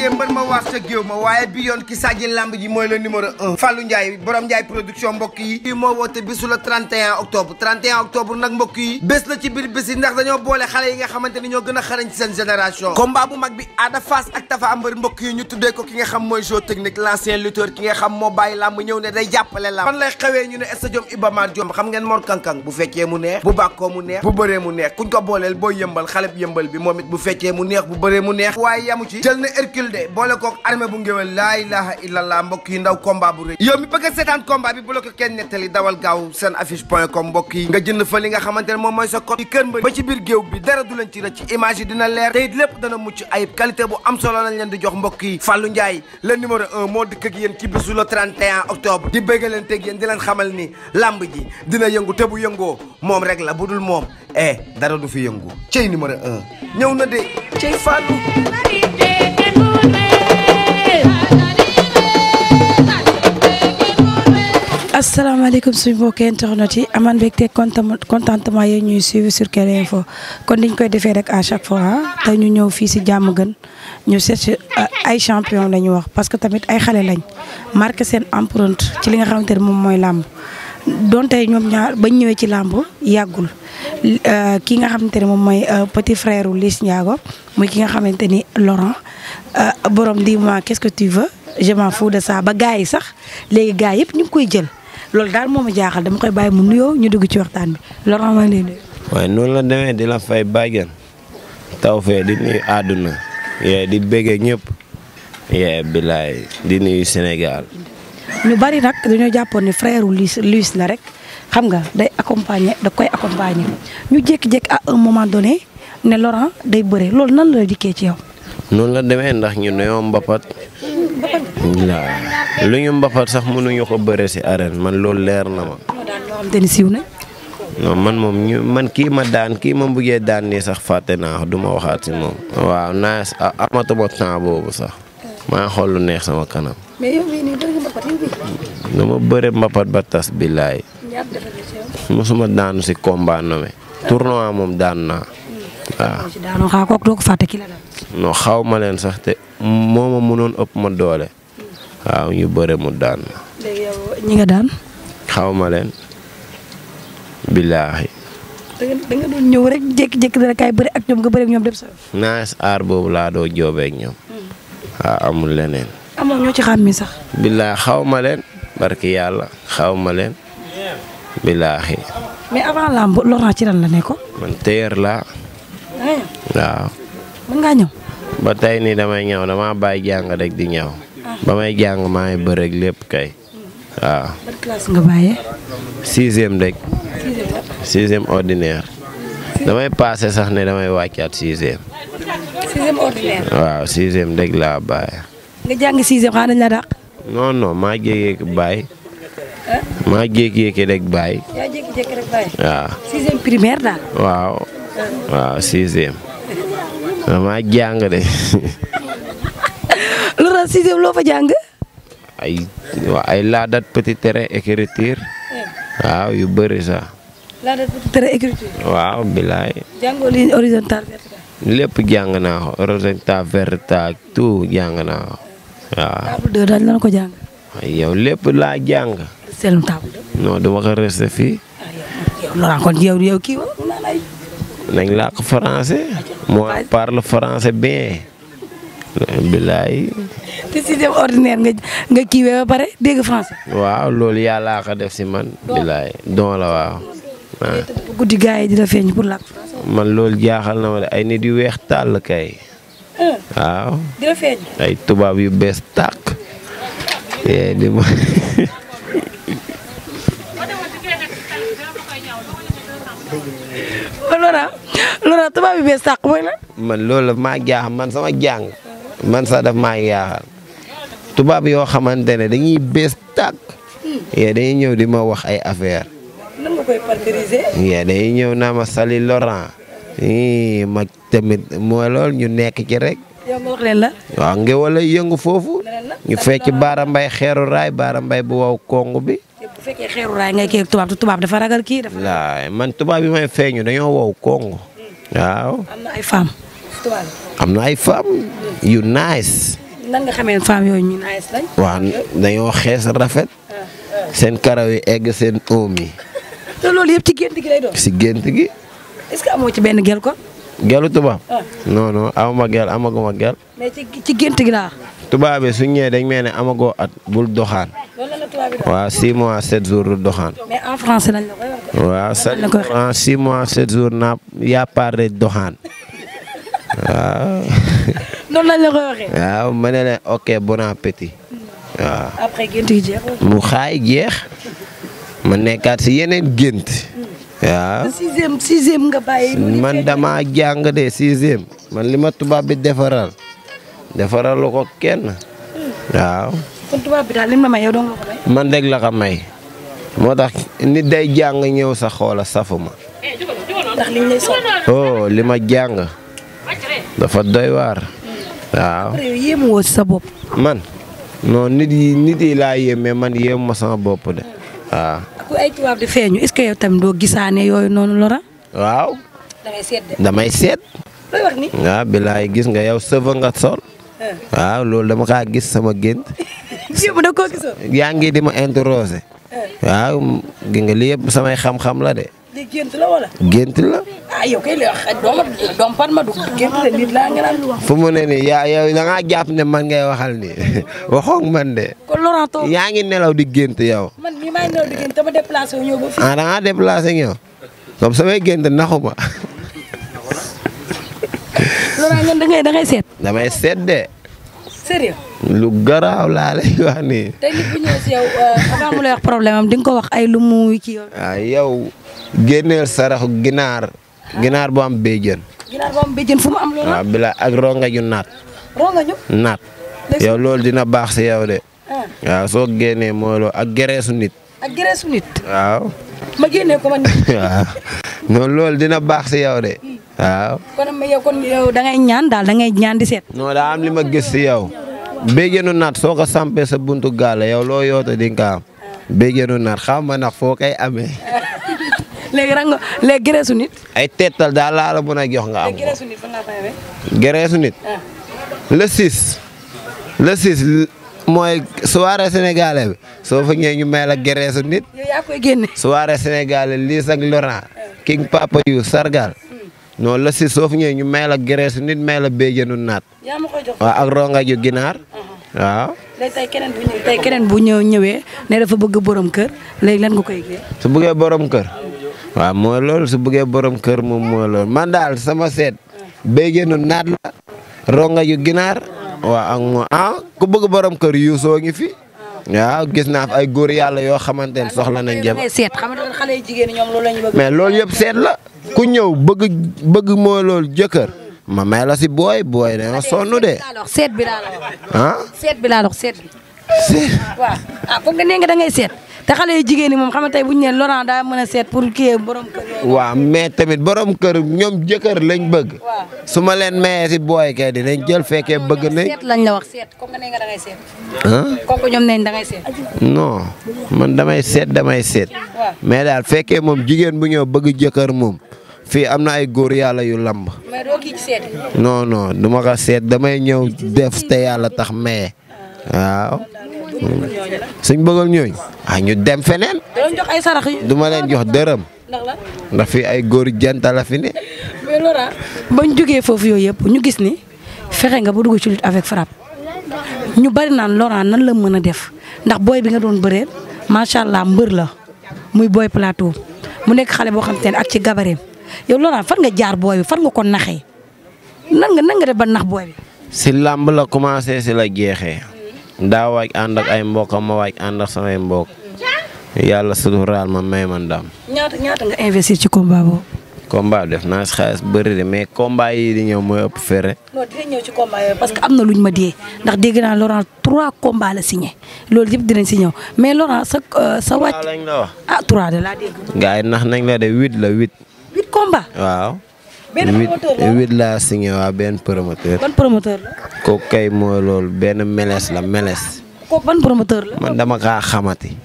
jee mbën ma waas ca géew ma waaye bi yoon ki sàjji lamb ji mooy le numéro un Fallou Ndiaye borom Ndiaye production mbokk yi kii moo woote bisu le 31 octobre 31 octobre nag mbokk yi bés la ci biir bés yi ndax dañoo boole xale yi nga xamante ñoo gën a xarañ ci seen génération combat bu mag bi Ada Fass ak Tafa Mbër mbokk yi ñu tuddee ko ki nga xam mooy jeu technique l'ancien lutteur ki nga xam moo bàyyi lamb ñëw ne day jàppale lamb fan lay xewee ñu ngéwél de boole kook armée bu ngéwél laa ilaha illallah mbokk yi ndaw combat bu rëy yow mi bëgg a seetaan bi bu ko kenn nettali dawal gaaw seen affiche point com mbokk yi nga jënd fa nga xamante ne moom mooy sa code yi kër mbëri ba ci biir géew bi dara du leen ci rëcc image dina leer te it lépp dana mucc ayib qualité bu am solo la leen di jox mbokk yi Fallou Ndiaye le numéro un moo dëkk ak yéen ci bisu le 31 octobre di bëgg leen teg yéen di leen xamal ni lamb ji dina yëngu te bu yëngoo moom rek la bu dul moom eh dara fi yëngu cey numéro un na de cey asalaamaaleykum suñu mbokki internet yi amaan mbégte contentement yooyu ñuy suivre sur Kelle Info kon niñ koy defee rek à chaque fois te ñu ñëw fii si jàmm gën ñu seet euh, ay champion la wax parce que tamit ay xale lañ marqué seen empreinte ci li nga xamante ne moom mooy làmb donte ñoom ñaar bañ ñëwee ci làmb yàggul euh, ki nga xamante ne moom mooy euh, petit frère u Liss muy ki nga xamante ni Laurent borom dis mois qu'est-ce que tu veux je foofu fous de ça ba gars yi sax léegi gars yëpp ñu ngi koy jël. loolu daal moom ma jaaxal dama koy bàyyi mu nuyoo ñu dugg ci waxtaan bi Laurent maa ngi lay waaye noonu la demee di la fay bàjjan taw fee di nuyu àdduna yee di béggee ñëpp yee bilaay di nuyu Sénégal. ñu bari nag dañoo jàppoon ni frère Luis Luis la rek xam nga day accompagner da koy accompagner ñu jékki-jékki à un moment donné ne Laurent day bëre loolu nan la dikkee ci yow. noonu la demee ndax ñu dañoo mbapat waaw lu ñu mbapat sax mënuñu ko bëre si arène man lool leer na ma. non man moom ñu man kii ma daan kii ma buggee daan nii sax fàtte naa duma ma waxaat si moom. waaw naa amatuma temps boobu sax. maa xool lu neex sama kanam. mais ma bëre mbapat ba tas billaay. mosuma daanu si combat nome tournoi moom daan naa. waaw. non xaw ma leen sax te moo ma mënoon ëpp ma doole waaw ñu bare mu daan. ñi nga daan. xaw ma leen. billaahi. da nga doon ñëw rek jékki-jékki dara kaay bëri ak ñoom nga bëri ak ñoom dem sa. naas aar boobu laa doo joobee ak ñoom. Hmm. waaw amul leneen. amoon ñoo ci xàmmi sax. billaahi xaw ma leen. barki yàlla xaw ma leen. billaahi. mais avant làmb Laurent ci lan la nekkoon. man téer laa. Eh. waaw. ba tey nii damay ñëw damaa bàyyi jàng rek di ñëw. Ah. ba may jàng maa ngi bëreeg lépp kay. waaw. ban classe nga bàyyee. damay paase sax ni damay wàccaat sixième. sixième ordinaire. waaw sixième rek laa bàyyi. nga jàng sixième xanaa dañ la dàq. non non maa jékki-jékki bàyyi. maa jékki-jékki rek bàyyi. waaw. sixième damaa jàng de. lu ran sixième loo fa jàng. ay waa ay laadat petit terrain écriture. waaw yu bëri sax. laadat petit terrain écriture. waaw bilaay. jàngoo ligne horizontale verticale. lépp jàng naa ko horizontal vertical tout jàng naa ko waaw. table deux daal lan ko jàng. yow lépp laa jàng. selum table deux. non dama ko resté fii. Ah, kon yow yow kii nañ làkk français mooy parle français bien bilaay. te sixième ordinaire nga nga kiiwee ba pare dégg français. waaw loolu yàllaa ko def si man. bilaay don la waaw. waaw guddi gars yi di la feeñ pour làkk man lool jaaxal na ma de ay nit yu weex tàll kay. waaw. ay tubaab yu bees tàq. Eh, di ma. wala. Laurent tubaab bi bees sàq man lool la maa jaaxal man sama jàng man sax daf maa jaaxal tubaab yoo xamante ne dañuy bées tàq. yee dañuy ñëw di ma wax ay affaire nan dañuy ñëw naa ma sali Laurent. ii ma tamit mooy loolu ñu nekk ci rek. yow nga wax leen wala yëngu foofu. ñu fekk baara mbay xeeru raay baara mbay bu wow kong bi. bu tubaab tubaab kii. dafa man tubaab yi may feeñu dañoo wow kong. waaw. am na ay femmes. am na ay femmes yu nice. nan nga xamee yooyu ñu waaw dañoo xees rafet. seen karaw egg seen oom yi. te loolu yëpp ci gént gi lay doon. si gént gi. est-ce ci benn gel ko. gelu tubaab. Ah. non non amuma gel amaguma gel. ci ci gént gi laa. tubaab bi su ñëwee dañ mel ne amagoo at bul doxaan. waaw 6 mois 7 jours doxaan. mais en français lañ la koy wax. waaw doxaan waaw. noonu ma ne la ok bon appétit. waaw mu xaay jeex. ma nekkaat si yeneen gént. waaw sixième sixième nga man dama de sixième man li tubaab bi defaral defaralu ko kenn waaw. kon bi daal lim la la ko man rek la ko moo tax nit day jàng ñëw sa xoola safuma. Eh, ndax oh, li ma jàng. dafa doy waar. Hmm. waaw yow yéemu woo si sa bopp. man non nit yi nit yi laa man yéemu ma sama bopp de waaw. doo gisaane yooyu noonu lora. damay seet de. damay seet. gis nga yow sëfa nga sol. Eh. waaw loolu dama kaa gis sama gént. yëpp yaa ngi di ma interroger. Eh. waaw gi nga lii samay xam-xam la de. di la ah, fu mu ne nii yaa yow da jàpp ne man ngay waxal nii waxoog man de. yaa ngi nelaw di gént yow. man mii di gént dama déplacé ah, samay gént naxuma. Laurent ngeen da de. lu garaaw laa lay wax nii. tey bu ñëw si yow euh, avant mu problème am ko wax ay lu mu ci yow. ah yow génneel sarax ginaar. ginaar bu am béjjën. ginaar fu mu am loolu. Ah, ak ronga naat. ronga ñu naat. yow loolu dina baax si yow de. Ah. waaw soo génnee mooy ak gereesu nit. ak gereesu waaw. ma génnee dina baax si yow de. Hmm. waaw. kon da ngay ñaan daal da ñaan di seet. non daa am li ma gis si yow. béygeenu naat soo ko sampee sa buntu gaale yow loo yoote di nga am béygeenu naat xam ma nax foo kay amee. léegi ren gereesu nit. ay teetal daal laa la mën a jox nga am ko gereesu nit fan laa koy amee. Ah. mooy soirée sénégalais soo fa ñëwee ñu may la gereesu nit. yow yaa koy génne. soirée sénégalais lii ah. King Papa yu sargal. noonu la si soof ñëwee ñu may la graisse nit may la béjjénu naat. yaa ma koy ak ronga ju ginaar. Uh-huh. waaw. léegi tey keneen bu ñëw ñëwee ne dafa bëgg borom kër léegi lan nga koy gée. su bëggee borom kër. waaw mooy loolu su bëggee borom kër moom mooy man daal sama seet. béjjénu naat la. ronga ju ginaar. waaw ak moo ah ku bëgg borom kër yuusoo ngi fi. waa gis naa ay góor yàlla yoo xamante ne soxla nañ. jabar mais seet yëpp seet la. ku ñëw bëgg bëgg mooy loolu jëkkër ma may la si booy booy dana sonn de. alors seet bi laa ah seet bi laa la seet bi. seet waaw ah, nga nee nga da ngay seet. te xale yu jigéen ñi moom xam bu ñu nee Laurent daa a seet pour kii borom kër. waaw mais tamit borom kër ñoom jëkkër lañ bëgg. waaw su ma leen mayee si booy kay dinañ jël fekkee bëgg nañ. lañ la seet kooku ne nga dangay seet. ah kooku ñoom damay seet damay seet. waaw mais daal fekkee moom jigéen bu ñëw bëgg jëkkër moom. fii am na ay góor yàlla yu lamb. mais doo kii ci seet. damay ñëw def te yàlla tax maye ah. waaw. suñ bëggoon ñooñu ah ñu dem feneen. du ma leen jox dërëm. ndax fi ay góor janta la fi ne. mais Laurent foofu yooyu yëpp ñu gis ni fexe nga ba dugg ci lutte avec frappe ñu bari naan Laurent nan la mën a def ndax booy bi nga doon bëreel macha allah mbër la muy booy plateau mu nekk xale boo xam te ne ak ci gabareem yow Laurent fan nga jaar booy bi fan nga ko naxee nan nga nan nga def ba nax booy bi. si làmb la commencé si la jeexee. daa waaj ànd ak ay mbokkam ma waaj ànd ak samay mbokk yàlla suturaal ma may man daam. ñaata nga investir ci combat boobu. combat def naa si xaalis bëri de mais combat yi di ñëw mooy ëpp fere. parce que am na luñ ma dee ndax dégg naa Laurent trois combats la signé loolu yëpp dinañ si ñëw mais Laurent sa euh, sa wàcc. ah trois de laa dégg. nax nañ la de huit la huit. huit combats huit laa signé benn promoteur. ban la. kooku kay mooy loolu benn meles la meles. man dama kaa xamati.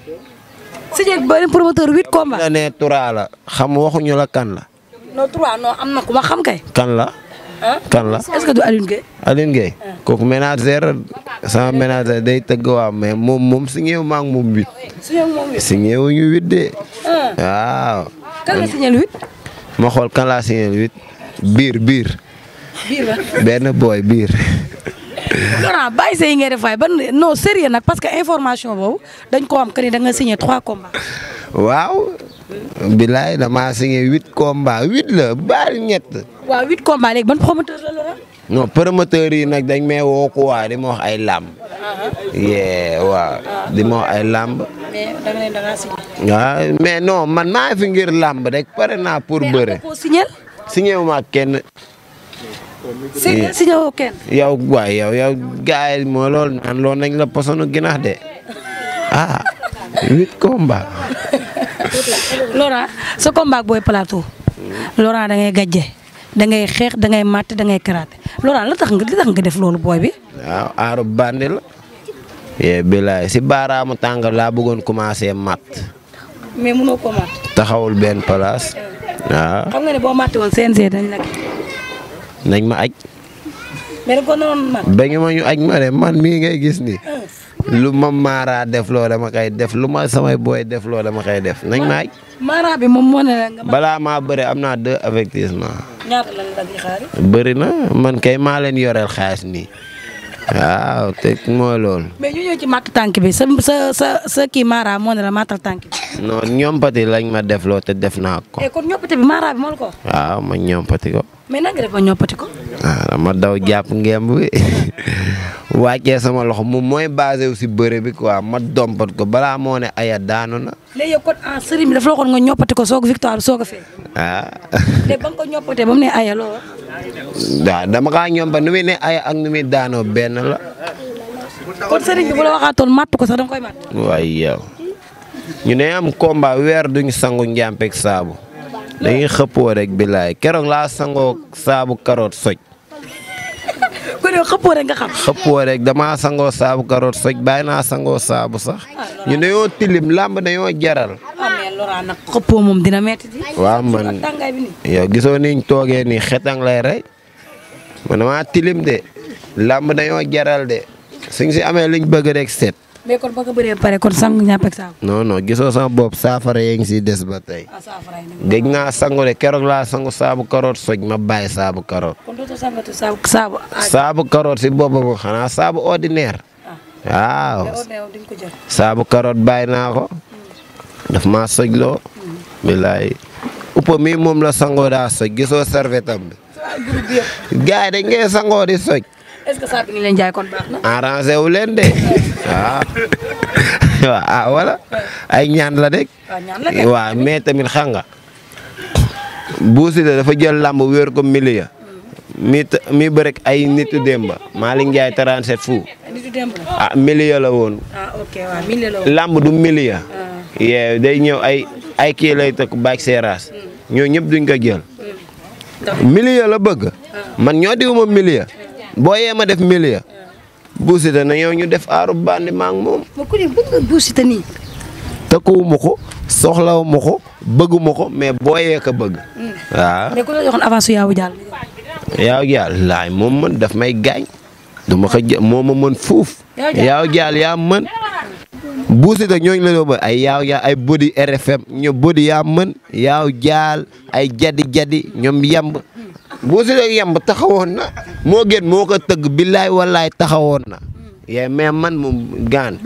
signé benn promoteur huit combat. ne trois xam waxuñu kan la. non kan la. kan la est que du Alioune Gueye. Alioune Gueye sama ménagère day tëgg waa mais moom moom signé maa ngi moom huit. de. waaw. ma xool kan laa signé huit. biir biir. benn booy biir. parce que information boobu dañ ko am que ni trois combats. waaw. bilaay damaa signé huit combats huit la baal ñett. waaw huit combats léegi ban promoteur la promoteur yi nag dañ may woo ko di ma ay làmb. Uh-huh. yee waaw di ma ay làmb. mais da man maa fi ngir làmb rek pare naa pour bëre. signé wu ma ak kenn. signé eh. signé kenn. yow waay yow yow gars moo loolu naan loolu nañ la posonu ginax de ah huit combat. Laurent sa combat booy plateau. Laurent da ngay gàjje da ngay xeex da ngay màtt da ngay karaate Laurent la tax nga def loolu booy bi. waaw aaru bandi yee bilaay si baaraamu tàng laa bëggoon commencé matt taxawul benn palaas waaw. nañ ma aj mais ma. ñu aj ma de man mii ngay gis ni ah. lu ma maaraa def loo dama koy def lu ma samay booy def loo dama koy def nañ ma aj. balaa maa bari am naa deux avertissement. bari na man kay maa leen yoreel xaalis nii. waaw te mooy loolu. mais ñu bi sa sa sa sa kii Mara moo la màttal tànk bi. non ñompati lañ ma def loo te def naa ko. eh kon ñompati bi Mara bi moo ko. waaw ma ñompati ko. Ah, ma daw jàpp ngemb bi wàccee sama loxo moom mooy basé wu si bëre bi quoi ma dompat ko balaa moo ne aya daanu na. léegi kon ah sëriñ bi dafa la ñoppati ko soog victoire soog fee. ah. te ba nga dama kaa ñompa nu aya ak nu daanoo benn la. kon sëriñ bi bu la matt ko sa danga koy matt. waaye ñu ne am combat weer duñu sangu njàmpeeg saabu dañuy xëppoo rek billaay keroog laa sangoo saabu karoot soj. yow xëppoo rek rek damaa sangoo saabu karoot soj bàyyi naa sangoo saabu sax ah, ñu dañoo tilim làmb dañoo jaral. Ah, Lora nag xëppoo moom dina metti di. waaw man yow gisoo niñ toogee nii xetang lay rey man damaa tilim de làmb dañoo jaral de suñ si amee liñ bëgg rek seet. mais ko bëree pare kon sangu ñàpp ak gisoo sama bopp saafara yaa ngi siy des ba tey. ah naa sangu de keroog laa sangu saabu karoot soj ma bàyyi saabu karoot. kon dootoo sangatu karoot si boppam xanaa saabu ordinaire. Ah. waaw saabu karoot bàyyi naa ko. Hmm. daf maa sojloo. Hmm. bilaay uppa mi moom la sangoo daa soj gisoo serviette am bi. gars yi dañ di soj. est-ce wu leen de waaw ah ay ñaan la rek. Ah, waaw mais tamit xam nga Bou Siteu dafa jël làmb wéer ko miliya mi mi ay nitu démba Malick Ndiaye 37 fu ah miliya ah, miliya la woon. làmb du miliya. Ah. yee day ñëw ay ay kii lay tëkk baag seeraas. Hmm. ñoo ñëpp duñ ko jël. Hmm. miliya la bëgg. man ñoo diwuma miliya. Hmm. boo yee ma def milieu. Bou Siteu na yow ñu def aaru bandi maa ngi moom. nii. takkuwuma ko soxlawuma ko bëgguma ko mais boo yee ko bëgg. Mm. waaw mais jaal. yaawu jaal mën daf may gaañ. duma ko jë moo ma mën fuuf. yaawu jaal yaa mën. Bou Siteu ñooñu la doon ay yaaw yaa ay bodi RFM ñoom bodi yaa mën yaaw jaal ay jadi jadi ñoom yamb. bu si doon yemb taxawoon na moo gën moo ko tëgg billaay wallaay taxawoon na yee mais man mu gaan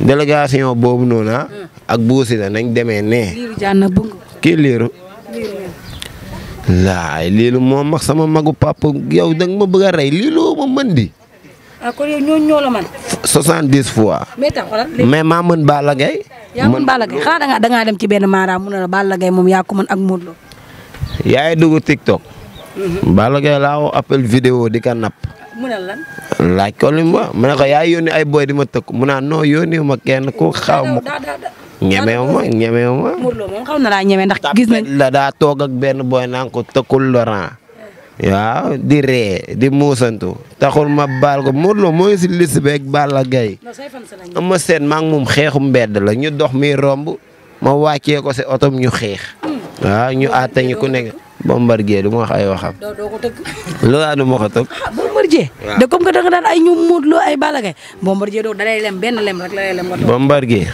délégation boobu noonu ah, hmm. ak buusi la nañ demee nee. kii liiru laay liilu moo mag sama magu papa yow da ma bëgg a rey liilu ma mën di. mën. Ah, soixante-dix fois. mais maa mën Balla Gaye. yaa mën Balla Gaye xanaa da ngaa dem ci benn maaraam mu ne la Balla Gaye moom yaa ko ak Modou Lo. yaay dugg TikTok. Balla Gaye laa woo appel vidéo di ka napp. mu ko li ma ne ko yaa yónni ay boy di ma tëkk mu naan non yónni ma kenn ku xaw ma ko. ñemew ma ñemew ma. ndax gis nañ. daa toog ak benn boy naan ko tëkkul Laurent. waaw di ree di muusantu taxul ma baal ko Mourlo mooy si liste beeg Balla Gaye. ma seen maa ngi moom xeexu mbedd la ñu dox mi romb ma wàccee ko si otom ñu xiix mm. waaw ñu àtte ñu ku nekk. Bombardier du ma wax ay waxam. doo ma ko tëgg. ah Bombardier. waaw de comme da ay ay Balla Gaye. Bombardier doo lem benn lem rek la lay lem nga toog. Bombardier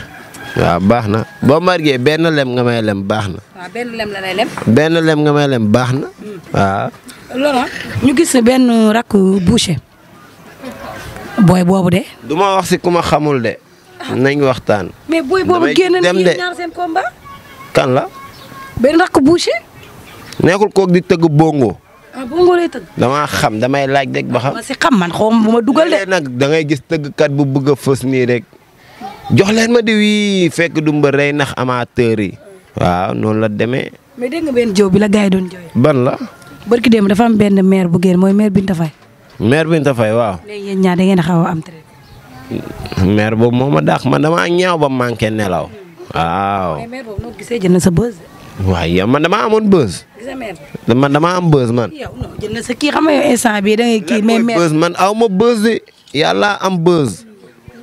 waaw baax na Bombardier benn lem nga may lem baax na. benn lem la lem. benn baax na. Hmm. waaw. loolu ñu benn rakk boucher. boobu de. du wax si ku ma xamul de. nañ waxtaan. mais booy boobu génn na ñaar seen kan la. benn rakk boucher. nekkul kook di tëgg bongo. ah bongo lay tëgg. xam damay laaj rek ba xam. ma si xam man xaw bu ma dugal de. nag da ngay gis tëggkat bu bëgg a fës nii rek jox leen ma di wii fekk du mbër rey nax amateur yi. waaw noonu la deme mais dégg benn joow bi la gars doon ban la. barki démb dafa am benn maire bu génn mooy maire Binta Faye. maire Binta Faye waaw. léegi yéen ngeen a xaw a am trait. maire boobu moo ma ñaaw ba manqué nelaw. Hmm. waa yow man damaa amoon buzz. man damaa am buzz man. yow non jël na bii da ngay man aw ma buzz de yàlla am buzz.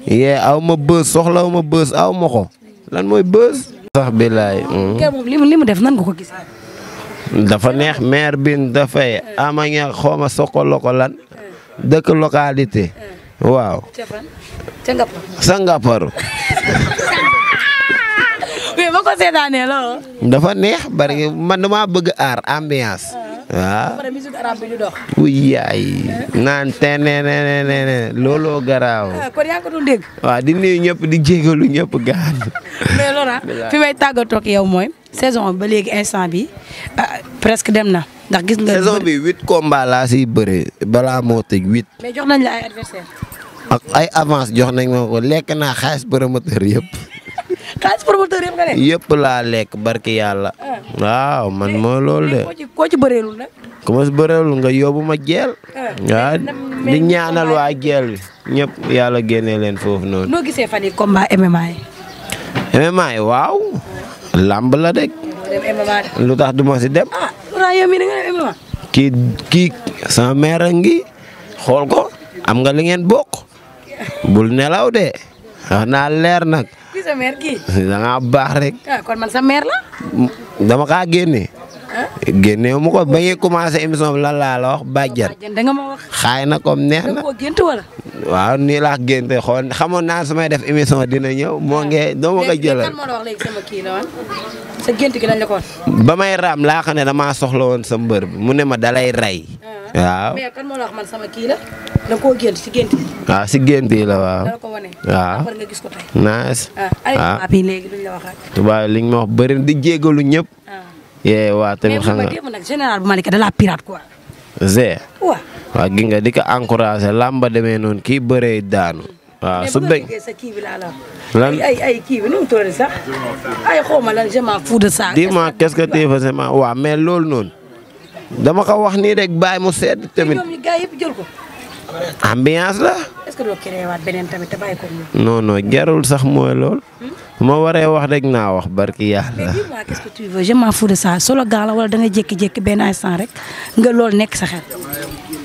yee aw ma buzz soxlaw ma buzz aw ma lan mooy buzz. sax bi laay. Mm. li mu def nan nga ko gis. neex maire bi dafay amaña xooma sokoloko lan dëkk localité eh. waaw. ca boo ko seetaanee la dafa neex bari man damaa bëgg aar ambiance. Ah. waaw ba pare musique naan te looloo garaaw. Ah, kon di nuyu ñëpp di jégalu ñëpp gaan. fi may tàggatoo ak yow mooy saison ba léegi instant bi ah, presque dem na ndax gis nga. saison bi huit combats laa siy balaa moo teg huit. mais jox nañ la ay adversaire ak ay avance jox nañ ma ko lekk naa xaalis promoteur yëpp. xaalis promoteur yëpp nga laa lekk barki yàlla. Ah. waaw man mooy eh, loolu de. koo ci ma si bëreelul nga yóbbu ma jeel. Ah, waaw di ñaanal waa jeel bi yàlla génnee leen foofu noonu. noo gisee fan yii combat MMA yi. waaw. làmb la de. lu du ma dem. ah yow mii ngi xool ko am nga li ngeen bokk. bul nelaw de wax leer nag. sa mère kii. da ngaa baax rek. Ah, kon man sa mère la. dama kaa génne. génneewu ma ko ba ngay commencé émission bi lan laa la wax xaay na comme neex waaw nii laa génte xool xamoon naa su may def émission dina ñëw moo ah. ngi doo ma ko ba may raam laa xam ne damaa soxla woon sa mbër bi mu ne ma dalay rey ah. waaw mais kan moo la ah, si gént yi. la waaw. waaw nga gis ko tey. naas. waaw ay léegi luñ la yee waa tamit xam nga mais bu nag général bu Malika da laa demee noonu kii bëree daanu. waaw su dee lan ay ay kii bi nu mu toll sax ay dama ko wax nii rek bàyyi mu sedd tamit. ambiance la. est-ce que doo créer jarul sax mooy lool. Hmm? ma waree wax rek naa wax barki yàlla. mais qu'est-ce solo gaa la wala da nga jékki-jékki benn instant rek nga lool nekk sa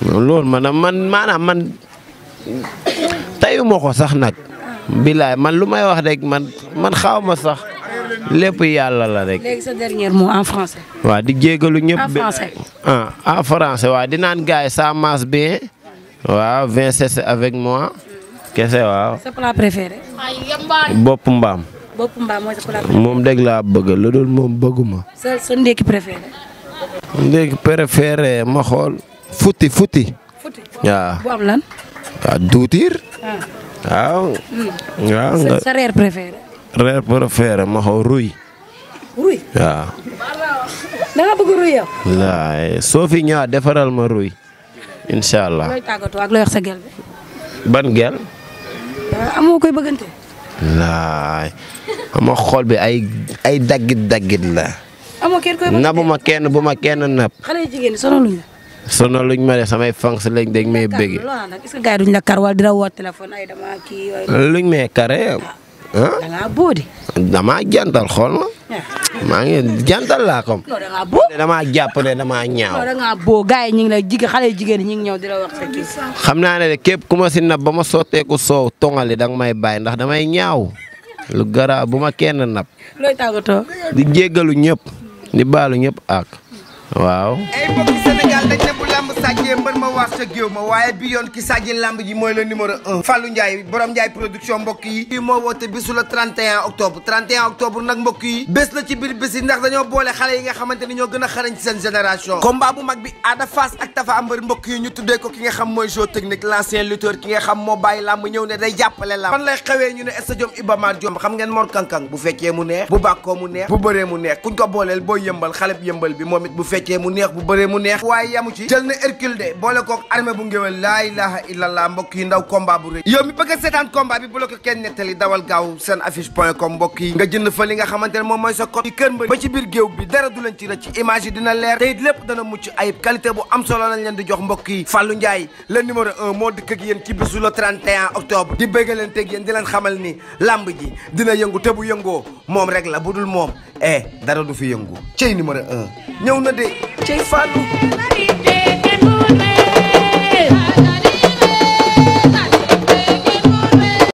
lool loolu man man maanaam man tayu ma ko sax nag. bilaay man lu may wax rek man man xaw ma sax lépp yàlla la rek. léegi di jégalu ñëpp. en français ah en di naan gars yi ça waaw vin avec moi. kese waaw. sa plat mbaam. moom dégg laa bëgg lu dul moom bëgguma. sa sa ndékki préféré. ndékki préféré ma xool. futti futti. waaw bu ah, ah. waaw hmm. waaw. sa reer préféré. reer préféré ma xool ruy. waaw. da nga ruy yow. wallaay soo fi ñëwaat defaral ma ruy. incha allah looy ban gel. Ah, amoo koy bëggante. laay ama xool bi ay ay daggit daggit la. amoo kenn nabu ma kenn bu ma kenn nab. xale luñ ma de samay fans lañ dañ may bëgg. est luñ may kare. ah damaa jantal xool ma. maa ngi jantal laa comme. damaa jàpp ne damaa ñaaw. yi ñu ngi lay jigéen xale jigéen ñi ngi ñëw xam naa ne de képp ku ma si ba ma sotteeku soow tongali danga may bàyyi ndax damay ñaaw lu garaaw bu ma kenn nab. di jéggalu ñëpp. di baalu ñëpp ak waaw. sàjjee mbën ma waas ca géew ma waaye bi yoon ki a xarañ ci seen génération combat bu mag bi Ada Fass ak Tafa Mbër mbokk yi ñu tuddee ko ki nga xam mooy jeu technique l'ancien lutteur ki nga xam moo bàyyi lamb ñëw ne day jàppale lamb fan lay xewee ñu ne stadium Iba Mar Diop xam ngeen Mor Kankang bu fekkee mu neex bu bàkkoo mu neex bu bëree mu neex kuñ ko booleel boo yëmbal xale yëmbal bi moom bu fekkee mu neex bu bëree mu neex waaye yamu ci jël na calcul de boole kook armée bu ngéwél laa ilaha illallah mbokk yi ndaw combat bu rëy yow mi bëgg a seetaan combat bi bu la ko kenn nettali dawal gaaw seen affiche point com mbokk yi nga jënd fa li nga xamante ne moom mooy sa code yi kër mbëri ba ci biir géew bi dara du leen ci rëcc image dina leer te it dana mucc ayib qualité bu am solo lañ leen jox mbokk yi Fallou Ndiaye le numéro un moo dëkk ak yéen ci bisu le 31 octobre di bëgg teg yéen di leen xamal ni lamb ji moom la bu dul moom eh fi yëngu cey numéro un ñëw na de